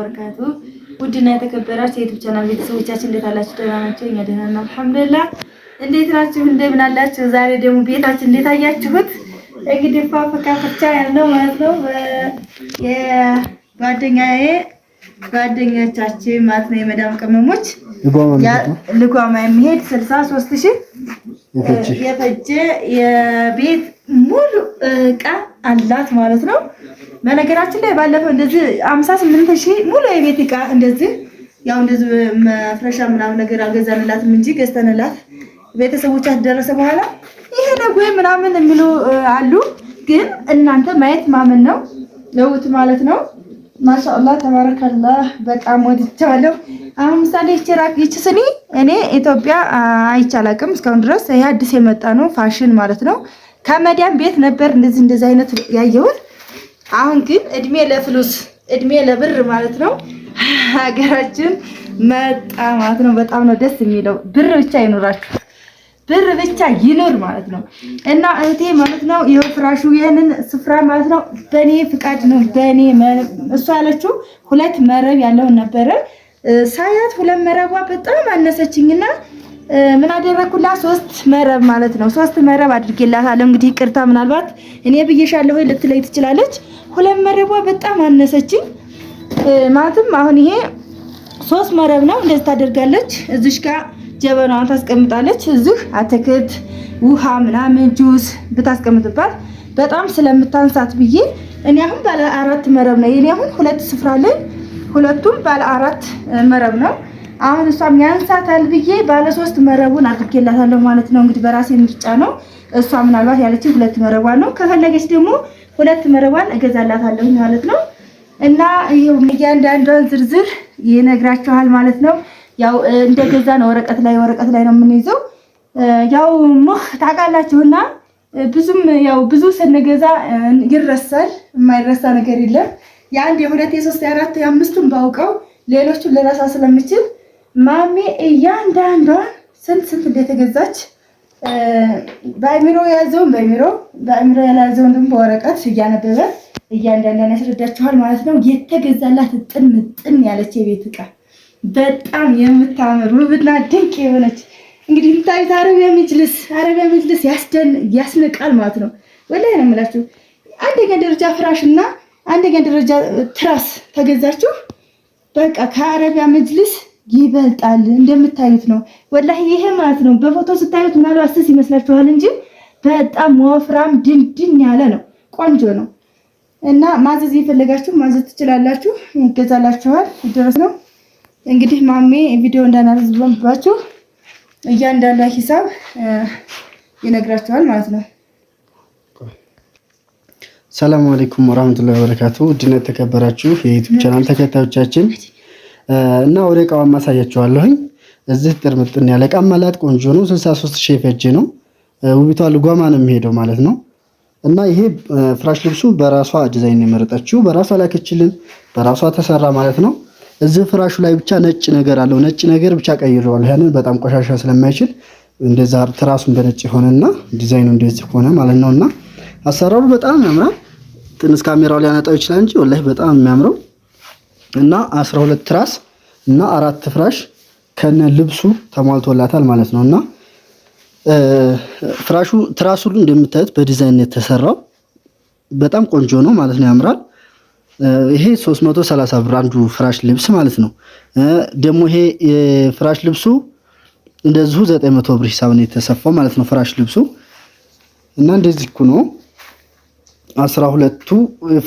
ወርካቱ ውድና የተከበራችሁ የዩቲዩብ ቻናል ቤተሰቦቻችን እንዴት አላችሁ? ደህና ናችሁ? እኛ ደህና ነን አልሐምዱሊላህ። እንዴት ናችሁ? እንደምን አላችሁ? ዛሬ ደግሞ ቤታችን እንዴት አያችሁት? እንግዲህ ፋፍካ ፍቻ ያለው ማለት ነው። የጓደኛዬ ጓደኞቻችን ማለት ነው የመዳም ቅመሞች ልጓማ የሚሄድ ስልሳ ሦስት ሺህ የፈጀ የቤት ሙሉ ዕቃ አላት ማለት ነው። በነገራችን ላይ ባለፈው እንደዚህ አምሳ ስምንት ሺህ ሙሉ የቤት እቃ እንደዚህ ያው እንደዚህ መፍረሻ ምናምን ነገር አልገዛንላትም እንጂ ገዝተንላት ቤተሰቦቻት ደረሰ በኋላ ይሄ ነገ ምናምን የሚሉ አሉ። ግን እናንተ ማየት ማመን ነው ለውት ማለት ነው። ማሻአላ ተባረካላህ። በጣም ወድቻለሁ። አሁን ምሳሌ ይችላል ይችስኒ እኔ ኢትዮጵያ አይቻላቅም እስካሁን ድረስ ይሄ አዲስ የመጣ ነው ፋሽን ማለት ነው። ከመዳም ቤት ነበር እንደዚህ እንደዚህ አይነት ያየሁት። አሁን ግን እድሜ ለፍሉስ እድሜ ለብር ማለት ነው ሀገራችን መጣ ማለት ነው። በጣም ነው ደስ የሚለው። ብር ብቻ ይኖራችሁ፣ ብር ብቻ ይኖር ማለት ነው። እና እህቴ ማለት ነው ይኸው ፍራሹ ይህንን ስፍራ ማለት ነው በእኔ ፍቃድ ነው በእኔ እሷ ያለችው ሁለት መረብ ያለውን ነበረ ሳያት ሁለት መረቧ በጣም አነሰችኝና ምን አደረኩላት? ሶስት መረብ ማለት ነው። ሶስት መረብ አድርጌላታለሁ። እንግዲህ ቅርታ ምናልባት እኔ ብዬሻለሁ ወይ ልትለይ ትችላለች። ሁለት መረቧ በጣም አነሰችኝ። ማለትም አሁን ይሄ ሶስት መረብ ነው። እንደዚህ ታደርጋለች። እዚሽ ጋር ጀበናዋን ታስቀምጣለች። እዚህ አትክልት፣ ውሃ ምናምን ጁስ ብታስቀምጥባት በጣም ስለምታንሳት ብዬ እኔ አሁን ባለ አራት መረብ ነው። እኔ አሁን ሁለት ስፍራ ላይ ሁለቱም ባለ አራት መረብ ነው አሁን እሷም ያንሳታል ብዬ ባለሶስት መረቡን አድርጌላታለሁ ማለት ነው። እንግዲህ በራሴ ምርጫ ነው። እሷ ምናልባት ያለች ሁለት መረቧን ነው። ከፈለገች ደግሞ ሁለት መረቧን እገዛላታለሁ ማለት ነው። እና እያንዳንዷን ዝርዝር ይነግራችኋል ማለት ነው። ያው እንደገዛ ነው። ወረቀት ላይ ወረቀት ላይ ነው የምንይዘው። ያው ሙህ ታውቃላችሁና ብዙም ያው ብዙ ስንገዛ ይረሳል። የማይረሳ ነገር የለም። የአንድ የሁለት የሶስት የአራት የአምስቱን ባውቀው ሌሎቹን ልረሳ ስለምችል ማሜ እያንዳንዷን ስንት ስንት እንደተገዛች በአእምሮ የያዘውን በአእምሮ በአእምሮ ያልያዘውን ደግሞ በወረቀት እያነበበ እያንዳንዷን ያስረዳችኋል ማለት ነው። የተገዛላት ጥን ጥን ያለች የቤት እቃ በጣም የምታምር ውብና ድንቅ የሆነች እንግዲህ ምታዩት አረቢያ መጅልስ አረቢያ መጅልስ ያስነቃል ማለት ነው። ወላሂ ነው የምላችሁ። አንደኛ ደረጃ ፍራሽ እና አንደኛ ደረጃ ትራስ ተገዛችሁ በቃ ከአረቢያ መጅልስ ይበልጣል። እንደምታዩት ነው ወላሂ። ይሄ ማለት ነው በፎቶ ስታዩት ምናልባት ስስ ይመስላችኋል እንጂ በጣም ወፍራም ድንድን ያለ ነው። ቆንጆ ነው እና ማዘዝ የፈለጋችሁ ማዘዝ ትችላላችሁ። ይገዛላችኋል። ድረስ ነው እንግዲህ ማሜ ቪዲዮ እንዳናረዝ ብሎን ብሏችሁ እያንዳንዷ ሂሳብ ይነግራችኋል ማለት ነው። ሰላም አለይኩም ወራህመቱላሂ ወበረካቱ። ድነት ተከበራችሁ የዩቲዩብ ቻናል ተከታዮቻችን እና ወደ እቃዋን ማሳያቸዋለሁኝ። እዚህ ጥርምጥን ያለ እቃ አላት። ቆንጆ ነው። 63 ሺህ የፈጀ ነው። ውቢቷ ልጓማ ነው የሚሄደው ማለት ነው። እና ይሄ ፍራሽ ልብሱ በራሷ ዲዛይን የመረጠችው በራሷ ላከችልን፣ በራሷ ተሰራ ማለት ነው። እዚህ ፍራሹ ላይ ብቻ ነጭ ነገር አለው። ነጭ ነገር ብቻ ቀይረዋል። ያንን በጣም ቆሻሻ ስለማይችል እንደዛ ትራሱን በነጭ ሆነና ዲዛይኑ እንደዚህ ሆነ ማለት ነው። እና አሰራሩ በጣም ያምራል። ትንሽ ካሜራው ሊያነጣው ይችላል እንጂ ወላሂ በጣም የሚያምረው እና 12 ትራስ እና አራት ፍራሽ ከነ ልብሱ ተሟልቶላታል ማለት ነው። እና ፍራሹ ትራሱ እንደምታዩት በዲዛይን የተሰራው በጣም ቆንጆ ነው ማለት ነው። ያምራል። ይሄ 330 ብር አንዱ ፍራሽ ልብስ ማለት ነው። ደግሞ ይሄ ፍራሽ ልብሱ እንደዚሁ 900 ብር ሂሳብ ነው የተሰፋው ማለት ነው። ፍራሽ ልብሱ እና እንደዚህ እኮ ነው። አስራ ሁለቱ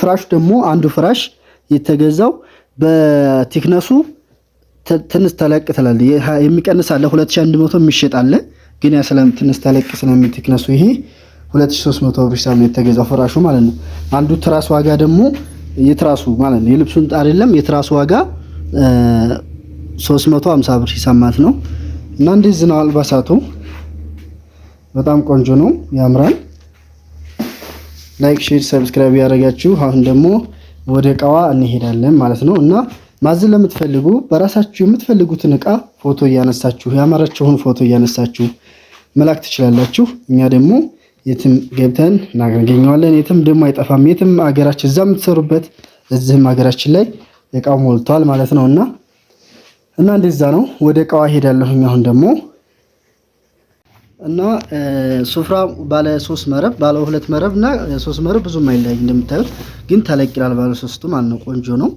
ፍራሽ ደግሞ አንዱ ፍራሽ የተገዛው በቲክነሱ ትንሽ ተለቅ ትላል። የሚቀንስ አለ 2100 የሚሸጥ አለ። ግን ያ ስለም ትንሽ ተለቅ ስለሚል ቲክነሱ ይሄ 2300 ብር ሳም የተገዛው ፍራሹ ማለት ነው። አንዱ ትራስ ዋጋ ደግሞ የትራሱ ማለት ነው የልብሱን አይደለም የትራሱ ዋጋ 350 ብር ሂሳብ ማለት ነው። እና እንደዚህ ነው አልባሳቱ። በጣም ቆንጆ ነው፣ ያምራል። ላይክ፣ ሼር፣ ሰብስክራይብ ያደረጋችሁ አሁን ደግሞ ወደ እቃዋ እንሄዳለን ማለት ነው እና ማዘዝ ለምትፈልጉ በራሳችሁ የምትፈልጉትን እቃ ፎቶ እያነሳችሁ ያማራችሁን ፎቶ እያነሳችሁ መላክ ትችላላችሁ። እኛ ደግሞ የትም ገብተን እናገኘዋለን። የትም ደግሞ አይጠፋም። የትም ሀገራችን እዛ የምትሰሩበት እዚህም ሀገራችን ላይ እቃው ሞልቷል ማለት ነው እና እና እንደዛ ነው። ወደ እቃዋ ሄዳለሁኝ አሁን ደግሞ እና ሱፍራ ባለ ሶስት መረብ ባለ ሁለት መረብ እና ሶስት መረብ ብዙም አይለያይ እንደምታዩት፣ ግን ተለቅ ይላል። ባለ ሶስቱ ማለት ነው ቆንጆ ነው።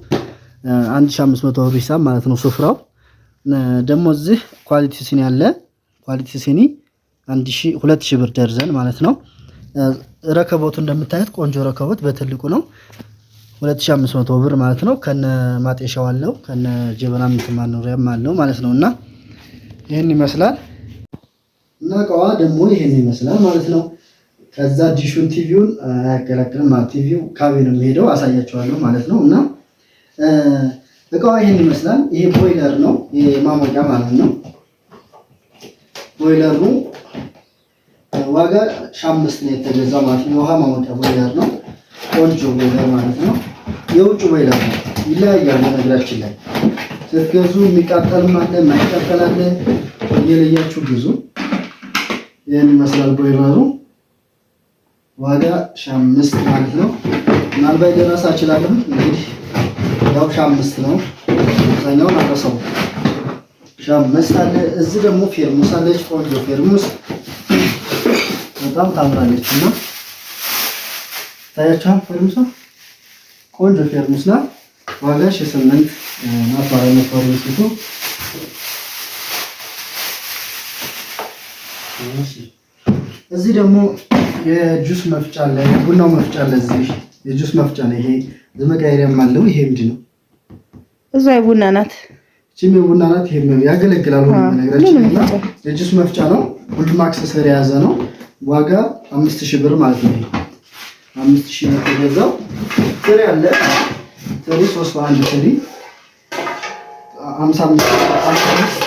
1500 ብር ሂሳብ ማለት ነው። ሱፍራው ደግሞ እዚህ ኳሊቲ ሲኒ አለ። ኳሊቲ ሲኒ 2000 ብር ደርዘን ማለት ነው። ረከቦቱ እንደምታዩት ቆንጆ ረከቦት በትልቁ ነው። 2500 ብር ማለት ነው። ከነ ማጤሻው አለው ከነ ጀበና ምትማኖሪያም አለው ማለት ነው እና ይህን ይመስላል። እና እቃዋ ደግሞ ይሄን ይመስላል ማለት ነው። ከዛ ዲሹን ቲቪውን አያገለግልም ማለት ቲቪው ካቤ ነው የሚሄደው አሳያቸዋለሁ ማለት ነው። እና እቃዋ ይሄን ይመስላል። ይሄ ቦይለር ነው የማሞቂያ ማለት ነው። ቦይለሩ ዋጋ ሻምስት ነው የተገዛ ማለት ነው። የውሃ ማሞቂያ ቦይለር ነው። ቆንጆ ቦይለር ማለት ነው። የውጭ ቦይለር ነው። ይለያያል። በነገራችን ላይ ስትገዙ የሚቃጠልም አለ የማይቃጠል አለ። እየለያችሁ ብዙ ይህን ይመስላል ቦይለሩ። ዋጋ ሺህ አምስት ማለት ነው። ምናልባት ደረሳ እችላለሁ እንግዲህ ያው ሺህ አምስት ነው። አብዛኛውን አረሰው ሺህ አምስት አለ። እዚህ ደግሞ ፌርሙስ አለች፣ ቆንጆ ፌርሙስ በጣም ታምራለች እና ታያችኋል። ፌርሙስ ቆንጆ ፌርሙስ ናት። ዋጋ ሺህ ስምንት ናት ባለነፈሩ ሲቱ እዚህ ደግሞ የጁስ መፍጫ አለ፣ የቡናው መፍጫ አለ። እዚህ የጁስ መፍጫ ነው። ይሄ መጋገሪያም አለው። ይሄ ምንድን ነው? እዛ የቡና ናት፣ እቺም የቡና ናት። ይሄ ያገለግላል። ነገራችን የጁስ መፍጫ ነው። ሁሉም አክሰሰሪ የያዘ ነው። ዋጋ አምስት ሺህ ብር ማለት ነው። አምስት ሺህ ብር ተገዛው። ትሪ አለ። ትሪ ሶስት በአንድ ትሪ አምሳ አምስት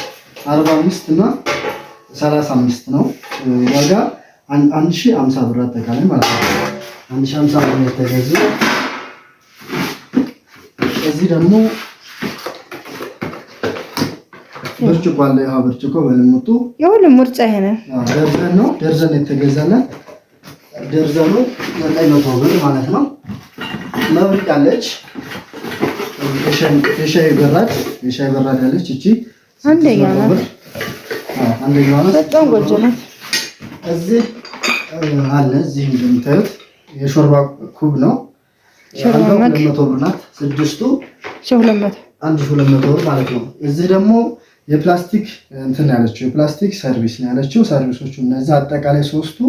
አርባ አምስት እና ሰላሳ አምስት ነው ዋጋ አንድ ሺህ አምሳ ብር አጠቃላይ ማለት ነው። አንድ ሺህ አምሳ ብር የተገዙ እዚህ ደግሞ ብርጭቆ አለ። ያ ብርጭቆ በልሙጡ የሁሉም ምርጫ ይሄ ነው። ደርዘን ነው ደርዘን የተገዛላት ደርዘኑ ዘጠኝ መቶ ብር ማለት ነው። መብሪቅ አለች። የሻይ በራድ የሻይ በራድ አለች። እቺ አንደኛ ነው በጣም ጎጆ ናት። እዚህ አለ እዚህ እንደምታዩት የሾርባ ኩብ ነው። ስድስቱ አንድ ሺህ ሁለት መቶ ብር ማለት ነው። እዚህ ደግሞ የፕላስቲክ እንትን ያለችው የፕላስቲክ ሰርቪስ ነው ያለችው። ሰርቪሶቹ እነዚህ አጠቃላይ ሶስቱ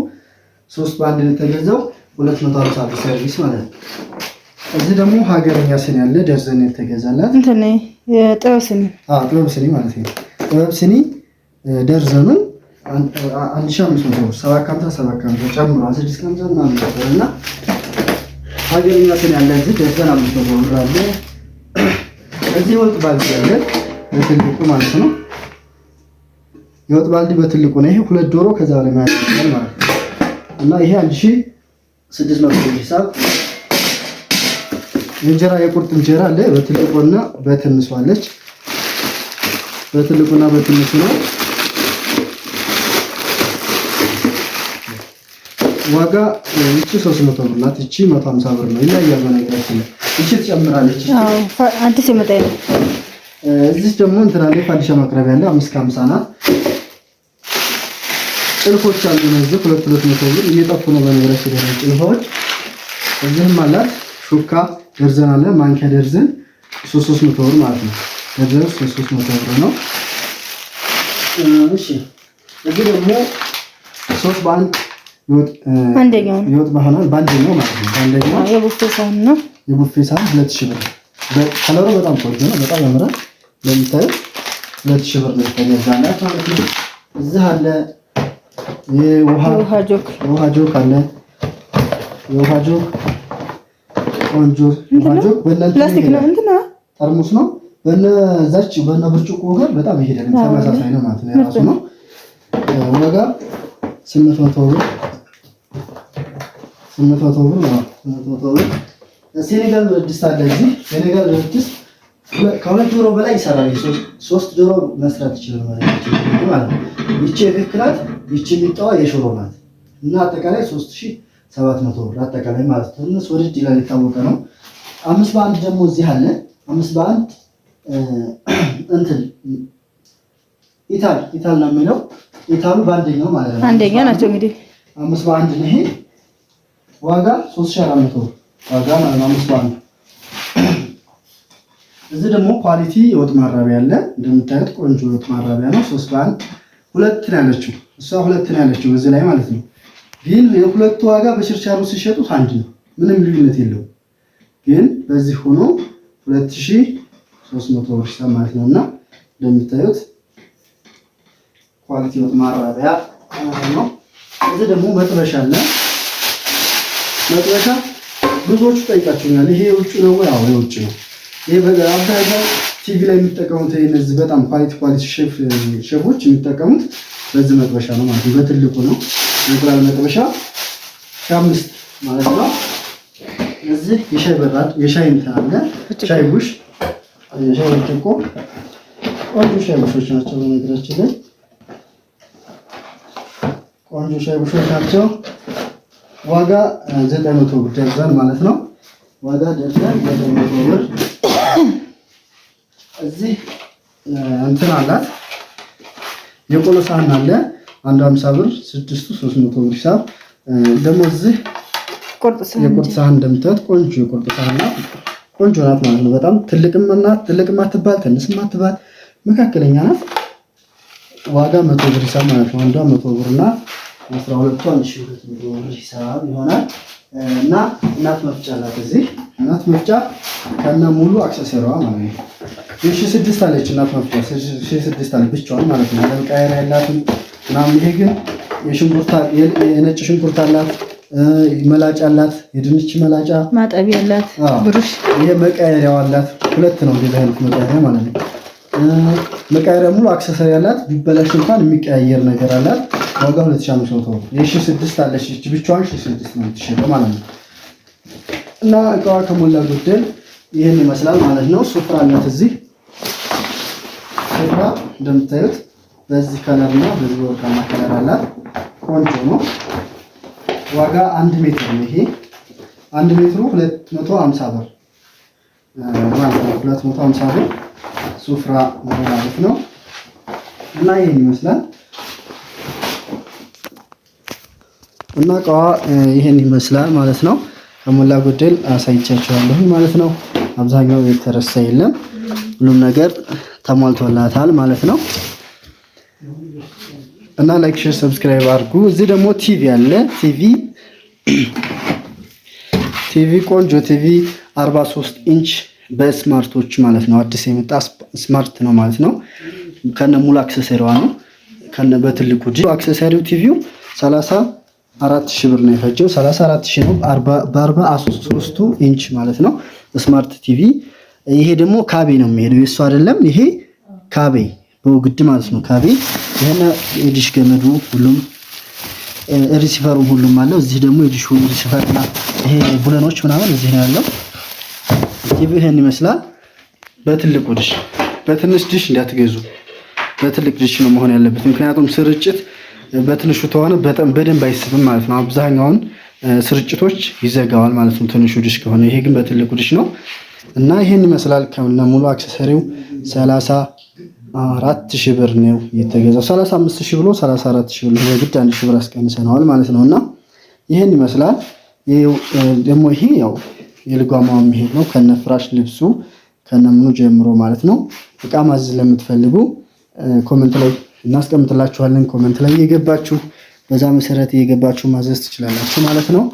ሶስት በአንድ የተገዛው ሁለት መቶ ሀምሳ ብር ሰርቪስ ማለት ነው። እዚህ ደግሞ ሀገርኛ ስኒ ያለ ደርዘን የተገዛላት ጥበብ ስኒ ማለት ነው። ጥበብ ስኒ ደርዘኑ አንድ ሺህ አምስት መቶ ሰባት ከሀምሳ ሰባት ከሀምሳ ጨምሮ ስድስት ከሀምሳ ምናምን ነበር እና ሀገርኛ ያለ እዚህ ደርዘን አምስት መቶ ብር አለ። እዚህ የወጥ ባልዲ ያለ በትልቁ ማለት ነው። የወጥ ባልዲ በትልቁ ነው። ይሄ ሁለት ዶሮ ከዛ ላይ ማለት ነው እና ይሄ አንድ ሺህ ስድስት መቶ ሂሳብ የእንጀራ የቁርጥ እንጀራ አለ በትልቁና በትንሷ አለች። በትልቁና በትንሱ ነው። ዋጋ ሶስት መቶ ብር ናት። እቺ 150 ብር ነው። ይለያያል። በነገራችን ላይ እቺ ትጨምራለች። አዲስ የመጣ ነው። እዚህ ደግሞ እንትን አለ፣ ፋዲሻ ማቅረቢያ አለ። አምስት 50 ናት። ጭልፎች አሉ። እነዚህ ሁለት ሁለት መቶ ብር እየጠፉ ነው በነገራችን ላይ ጭልፎች። እዚህም አላት ሹካ ደርዘን አለ። ማንኪያ ደርዘን መቶ ብር ማለት ነው። ደርዘን መቶ ብር ነው። እሺ እዚህ ደግሞ ሶስት በአንድ የወጥ ባህላል በአንደኛው ማለት ነው። በአንደኛው የቡፌ ሳህን ነው። የቡፌ ሳህን ሁለት ሺህ ብር። ከለሩ በጣም ቆንጆ ነው። በጣም ያምራል። ለምታዩ ሁለት ሺህ ብር እዚህ አለ የውሃ ጆክ፣ አለ። የውሃ ጆክ ቆንጆ ነው። ጠርሙስ ነው። በነዛች በነ ብርጭቆ ጋር በጣም ይሄዳል። ተመሳሳይ ነው ማለት ነው። የራሱ ነው። ዋጋ ስምንት መቶ ብር ስምንት ብር ነው። ስምንት ብር ሴኔጋል ድስት አለ እዚህ። ሴኔጋል ድስት ከሁለት ዶሮ በላይ ይሰራል። ሶስት ዶሮ መስራት ይችላል ማለት ነው። ይቺ የክክ ናት። ይቺ የሚጠዋ የሽሮ ናት እና አጠቃላይ ሶስት ሺህ ሰባት መቶ ብር አጠቃላይ ማለት ነው። ትንሽ ወድድ ይላል የታወቀ ነው። አምስት በአንድ ደግሞ እዚህ አለ። አምስት በአንድ እንትን ኢታል ኢታል ነው የሚለው ኢታሉ በአንደኛው ማለት ነው። አንደኛ ናቸው እንግዲህ አምስት በአንድ ነው ይሄ ዋጋ 3400 ዋጋ ማለት ነው። አምስት እዚህ ደግሞ ኳሊቲ የወጥ ማራቢያ አለ። እንደምታዩት ቆንጆ የወጥ ማራቢያ ነው። 3 በአንድ ሁለት ነው ያለችው እሷ ሁለት ነው ያለችው እዚህ ላይ ማለት ነው። ግን የሁለቱ ዋጋ በችርቻሩ ሲሸጡት አንድ ነው፣ ምንም ልዩነት የለውም። ግን በዚህ ሆኖ 2300 ብር ማለት ነውና እንደምታዩት ኳሊቲ ወጥ ማራቢያ ነው። እዚህ ደግሞ መጥበሻ አለ መጥበሻ ብዙዎቹ ጠይቃችሁኛል። ይሄ የውጭ ነው ወይ? አዎ የውጭ ነው። ይሄ አብዛኛው ቲቪ ላይ የሚጠቀሙት እነዚህ በጣም ኳሊቲ ኳሊቲ ሼፍ ሼፎች የሚጠቀሙት በዚህ መጥበሻ ነው ማለት ነው። በትልቁ ነው እንቁላል መጥበሻ ከአምስት ማለት ነው። እዚህ የሻይ በራድ የሻይ እንትን አለ ሻይ ቡሽ የሻይ ብርጭቆ ቆንጆ ሻይ ቡሾች ናቸው። በነገራችን ላይ ቆንጆ ሻይ ቡሾች ናቸው። ዋጋ ዘጠኝ መቶ ብር ደርዘን ማለት ነው። ዋጋ ደርዘን ዘጠኝ መቶ ብር። እዚህ እንትን አላት የቆሎ ሳህን አለ አንዱ አምሳ ብር ስድስቱ ሶስት መቶ ብር ሂሳብ ደግሞ እዚህ የቁርጥ ሳህን እንደምታዩት ቆንጆ የቁርጥ ሳህን ናት። ቆንጆ ናት ማለት ነው። በጣም ትልቅም ናት። ትልቅም አትባል፣ ትንስም መካከለኛ ናት። ዋጋ መቶ ብር ሂሳብ ማለት ነው። አንዷ መቶ ብር ናት። አስራ ሁለት ቶን እሺ፣ ሁለት ሚሊዮን ሂሳብ ይሆናል። እና እናት መፍጫ ናት። እዚህ እናት መፍጫ ከነ ሙሉ አክሰሰሯ ማለት ነው። የሺ ስድስት አለች እናት መፍጫ ሺ ስድስት አለች ብቻዋን ማለት ነው። ለመቃየር ያላትን ምናምን። ይሄ ግን የሽንኩርት የነጭ ሽንኩርት አላት፣ መላጫ አላት፣ የድንች መላጫ ማጠቢያ አላት፣ ብሩሽ። ይሄ መቃየሪያው አላት። ሁለት ነው እንደዚህ አይነት መቃየሪያ ማለት ነው። መቃየሪያ ሙሉ አክሰሰሪ አላት ቢበላሽ እንኳን የሚቀያየር ነገር አላት። ዋጋ 2500 ብር። የሺ ስድስት አለች ብቻዋን ሺ ስድስት ነው የምትሸጠው ማለት ነው። እና እቃዋ ከሞላ ጎደል ይህን ይመስላል ማለት ነው። ሱፍራ አላት እዚህ ሱፍራ እንደምታዩት በዚህ ከለር እና በዚህ ወርቃማ ከለር አላት። ቆንጆ ነው። ዋጋ አንድ ሜትር ነው ይሄ አንድ ሜትሩ 250 ብር ማለት ነው። 250 ብር ሱፍራ ነው ማለት ነው። እና ይሄን ይመስላል እና እቃዋ ይሄን ይመስላል ማለት ነው። ከሞላ ጎደል አሳይቻችኋለሁ ማለት ነው። አብዛኛው የተረሳ የለም፣ ሁሉም ነገር ተሟልቶላታል ማለት ነው። እና ላይክ፣ ሼር፣ ሰብስክራይብ አድርጉ። እዚህ ደግሞ ቲቪ አለ። ቲቪ ቲቪ ቆንጆ ቲቪ 43 ኢንች በስማርቶች ማለት ነው። አዲስ የመጣ ስማርት ነው ማለት ነው። ከነ ሙሉ አክሰሰሪዋ ነው ከነ በትልቁ ጂ አክሰሰሪው ቲቪው አራት ሺህ ብር ነው የፈጀው። ሰላሳ አራት ሺህ ነው በ ሶስቱ ኢንች ማለት ነው ስማርት ቲቪ። ይሄ ደግሞ ካቤ ነው የሚሄደው የእሱ አይደለም። ይሄ ካቤ በውግድ ማለት ነው ካቤ። ይሄን የዲሽ ገመዱ ሁሉም ሪሲቨሩ ሁሉም አለው። እዚህ ደግሞ የዲሽ ሪሲቨርና ይሄ ቡለኖች ምናምን እዚህ ነው ያለው። ቂቤ ይህን ይመስላል። በትልቁ ድሽ በትንሽ ድሽ እንዳትገዙ፣ በትልቅ ድሽ ነው መሆን ያለበት። ምክንያቱም ስርጭት በትንሹ ተሆነ በጣም በደንብ አይስብም ማለት ነው። አብዛኛውን ስርጭቶች ይዘጋዋል ማለት ነው ትንሹ ድሽ ከሆነ። ይሄ ግን በትልቁ ድሽ ነው እና ይህን ይመስላል ከነ ሙሉ አክሰሰሪው ሰላሳ አራት ሺህ ብር ነው የተገዛው። ሰላሳ አምስት ሺህ ብሎ ሰላሳ አራት ሺህ ብሎ በግድ አንድ ሺህ ብር አስቀንሰነዋል ማለት ነው እና ይህን ይመስላል ደግሞ ይሄ ያው የልጓማ መሄድ ነው። ከነ ፍራሽ ልብሱ ከነምኑ ጀምሮ ማለት ነው። እቃ ማዘዝ ለምትፈልጉ ኮመንት ላይ እናስቀምጥላችኋለን። ኮመንት ላይ እየገባችሁ በዛ መሰረት እየገባችሁ ማዘዝ ትችላላችሁ ማለት ነው።